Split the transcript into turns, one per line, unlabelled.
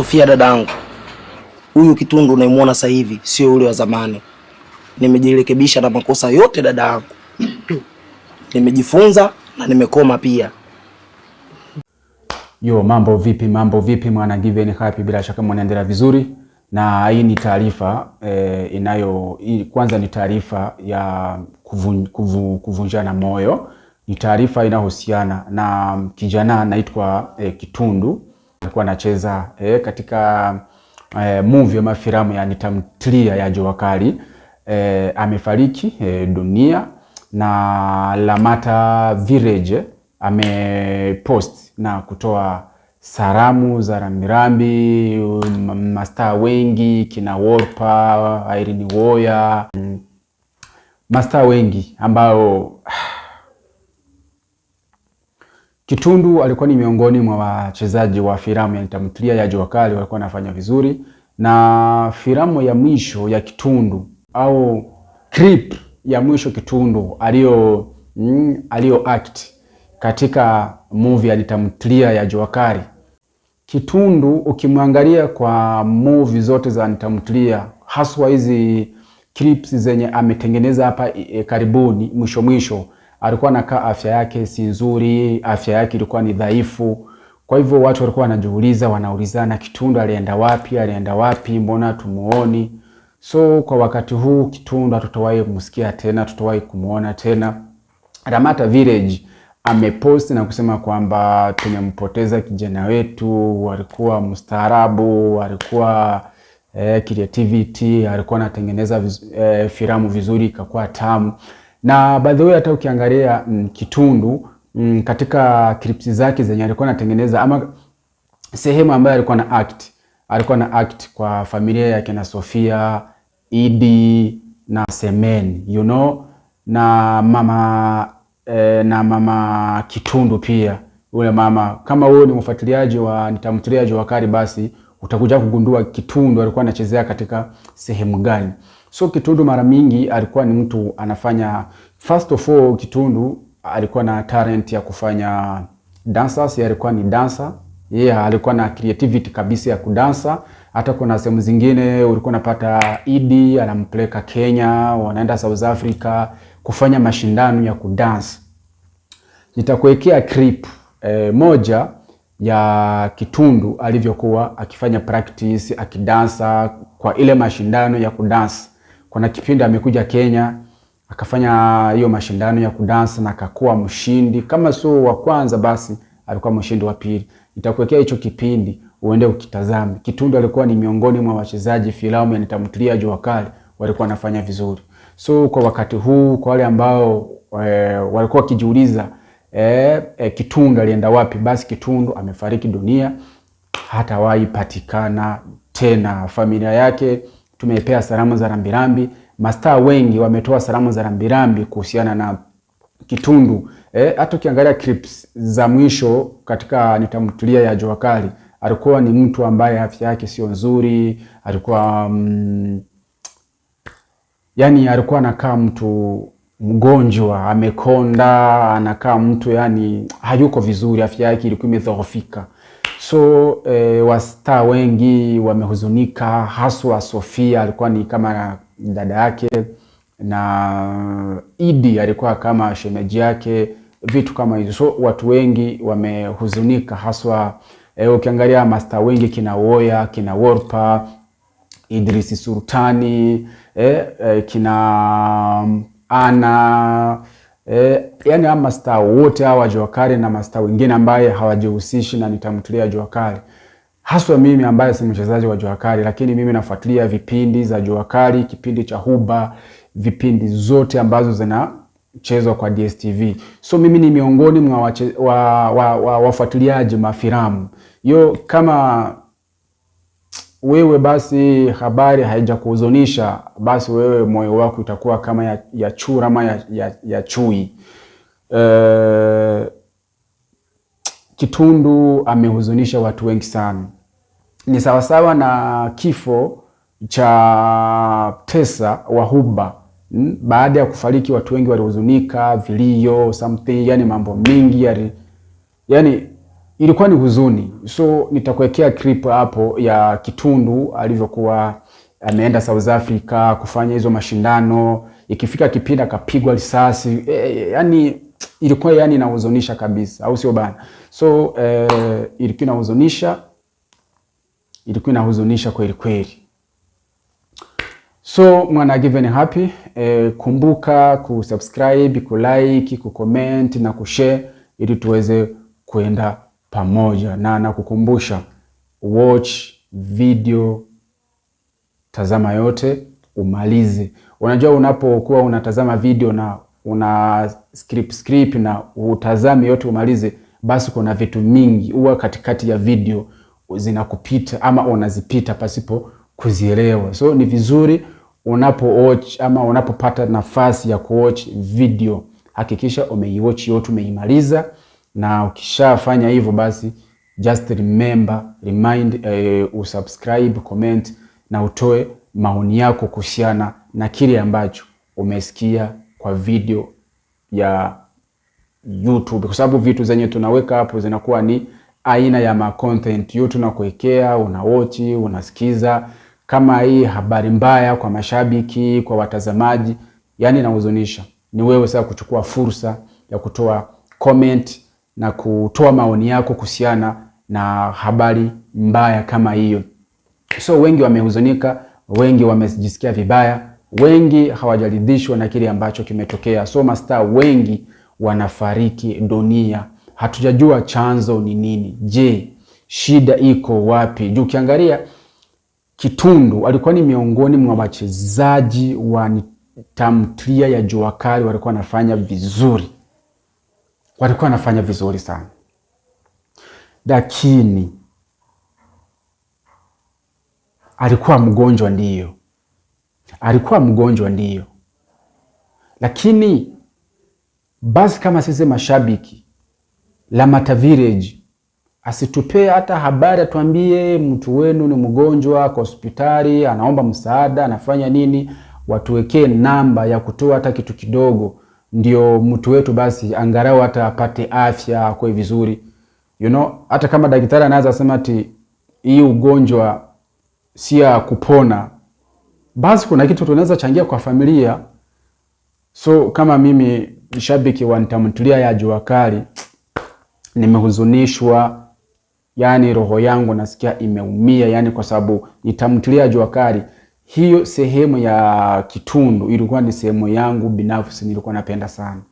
Sofia yangu, huyu Kitundu unayemwona sasa hivi sio ule wa zamani. Nimejirekebisha na makosa yote yangu, nimejifunza na nimekoma pia.
Yo, mambo vipi? Mambo vipi mwana Given Happy, bila shaka mwanaendelea vizuri, na hii ni taarifa e, inayo hii, kwanza ni taarifa ya kuvun, kuvu, kuvunjana moyo. Ni taarifa inayohusiana na kijana anaitwa e, Kitundu alikuwa anacheza e, katika e, movie ama filamu ya tamtria ya Jua Kali e, amefariki e, dunia na Lamata Village amepost na kutoa salamu za rambirambi mm, mastaa wengi kina Wolper, Irene Woya, mm, mastaa wengi ambao ah, Kitundu alikuwa ni miongoni mwa wachezaji wa filamu ya tamthilia ya Jua Kali, walikuwa wanafanya vizuri, na filamu ya mwisho ya Kitundu au clip ya mwisho Kitundu aliyo mm, aliyo act katika movie ya tamthilia ya Jua Kali. Kitundu ukimwangalia kwa movie zote za tamthilia, haswa hizi clips zenye ametengeneza hapa e, karibuni mwisho mwisho alikuwa anakaa afya yake si nzuri, afya yake ilikuwa ni dhaifu. Kwa hivyo watu walikuwa wanajiuliza, wanaulizana Kitundu alienda wapi? Alienda wapi? Mbona tumuoni? So kwa wakati huu Kitundu hatutawahi kumsikia tena, hatutawahi kumuona tena. Ramata Village amepost na kusema kwamba tumempoteza kijana wetu, walikuwa mstaarabu, alikuwa eh, creativity, alikuwa anatengeneza viz, eh, filamu vizuri ikakuwa tamu. Na by the way hata ukiangalia mm, Kitundu mm, katika clips zake zenye alikuwa anatengeneza ama sehemu ambayo alikuwa na act, alikuwa na act kwa familia ya kina Sofia, Idi na Semen, you know, na mama eh, na mama Kitundu pia ule mama kama wewe ni mfuatiliaji wa nitamtiliaji wa Wakari basi utakuja kugundua Kitundu alikuwa anachezea katika sehemu gani. So Kitundu mara mingi alikuwa ni mtu anafanya, first of all, Kitundu alikuwa na talent ya kufanya dancers, ya alikuwa ni dancer yeye yeah, alikuwa na creativity kabisa ya kudansa. Hata kuna sehemu zingine ulikuwa unapata Idi anampeleka Kenya, wanaenda South Africa kufanya mashindano ya kudansa. Nitakuwekea clip e, moja ya Kitundu alivyokuwa akifanya practice akidansa kwa ile mashindano ya kudansa kuna kipindi amekuja Kenya akafanya hiyo mashindano ya kudansa na akakuwa mshindi, kama sio wa kwanza basi alikuwa mshindi wa pili. Nitakuwekea hicho kipindi uende ukitazame. Kitundu alikuwa ni miongoni mwa wachezaji filamu ya Nitamtilia Jua Kali walikuwa wanafanya vizuri. So kwa wakati huu, kwa wale ambao e, walikuwa wakijiuliza e, e, Kitundu alienda wapi, basi Kitundu amefariki dunia, hatawahi patikana tena. Familia yake tumepea salamu za rambirambi. Mastaa wengi wametoa salamu za rambirambi kuhusiana na Kitundu. Eh, hata ukiangalia clips za mwisho katika nitamtulia ya jua kali, alikuwa ni mtu ambaye afya yake sio nzuri, alikuwa mm, yani alikuwa anakaa mtu mgonjwa, amekonda, anakaa mtu yani hayuko vizuri, afya yake ilikuwa imedhoofika. So e, wastaa wengi wamehuzunika, haswa Sofia alikuwa ni kama dada yake na Idi alikuwa kama shemeji yake, vitu kama hizo. So watu wengi wamehuzunika haswa e, ukiangalia masta wengi kina Woya, kina worpa Idrisi Sultani e, e, kina mm, Ana Eh, yani hawa masta wote hawa Jokari na mastaa wengine ambaye hawajihusishi na nitamtilia Jokari, haswa mimi ambaye si mchezaji wa Jokari, lakini mimi nafuatilia vipindi za Jokari, kipindi cha Huba, vipindi zote ambazo zinachezwa kwa DSTV. So mimi ni miongoni mwa wafuatiliaji wa, wa, wa mafilamu Yo kama wewe basi habari haijakuhuzunisha, basi wewe moyo wako itakuwa kama ya, ya chura ama ya, ya, ya chui. E, Kitundu amehuzunisha watu wengi sana, ni sawasawa na kifo cha Tesa wa Huba. Hmm, baada ya kufariki watu wengi walihuzunika, vilio something, yani mambo mengi yani Ilikuwa ni huzuni, so nitakuwekea clip hapo ya Kitundu alivyokuwa ameenda South Africa kufanya hizo mashindano, ikifika kipindi akapigwa risasi e, yani ilikuwa yani inahuzunisha kabisa, au sio bana? So e, ilikuwa inahuzunisha, ilikuwa inahuzunisha kweli kweli. So mwana Given Happy e, kumbuka kusubscribe, kulike, kucomment na kushare ili tuweze kuenda pamoja, na nakukumbusha watch video, tazama yote umalize. Unajua, unapokuwa unatazama video na una script script na utazame yote umalize, basi kuna vitu mingi huwa katikati ya video zinakupita ama unazipita pasipo kuzielewa. So ni vizuri unapo watch ama unapopata nafasi ya kuwatch video hakikisha umeiwatch yote, umeimaliza na ukishafanya hivyo basi just remember, remind, uh, usubscribe, comment na utoe maoni yako kuhusiana na kile ambacho umesikia kwa video ya YouTube, kwa sababu vitu zenye tunaweka hapo zinakuwa ni aina ya ma content yote tunakuwekea, watch, unasikiza kama hii habari mbaya kwa mashabiki, kwa watazamaji, yani inahuzunisha. Ni wewe sasa kuchukua fursa ya kutoa comment na kutoa maoni yako kuhusiana na habari mbaya kama hiyo. So wengi wamehuzunika, wengi wamejisikia vibaya, wengi hawajaridhishwa na kile ambacho kimetokea. So mastaa wengi wanafariki dunia, hatujajua chanzo ni nini. Je, shida iko wapi? Juu ukiangalia Kitundu alikuwa ni miongoni mwa wachezaji wa tamthilia ya Jua Kali, walikuwa wanafanya vizuri walikuwa wanafanya vizuri sana, lakini alikuwa mgonjwa, ndiyo alikuwa mgonjwa, ndiyo lakini basi kama sisi mashabiki Mata Village asitupee hata habari, atuambie mtu wenu ni mgonjwa, kwa hospitali, anaomba msaada, anafanya nini, watuwekee namba ya kutoa hata kitu kidogo ndio mtu wetu, basi angalau hata apate afya akwe vizuri you know. Hata kama daktari anaweza sema ati hii ugonjwa si ya kupona, basi kuna kitu tunaweza changia kwa familia. So kama mimi shabiki wa nitamtulia ya jua kali, nimehuzunishwa yani, roho yangu nasikia imeumia yani, kwa sababu nitamtulia jua kali hiyo sehemu ya Kitundu ilikuwa ni sehemu yangu binafsi, nilikuwa napenda sana.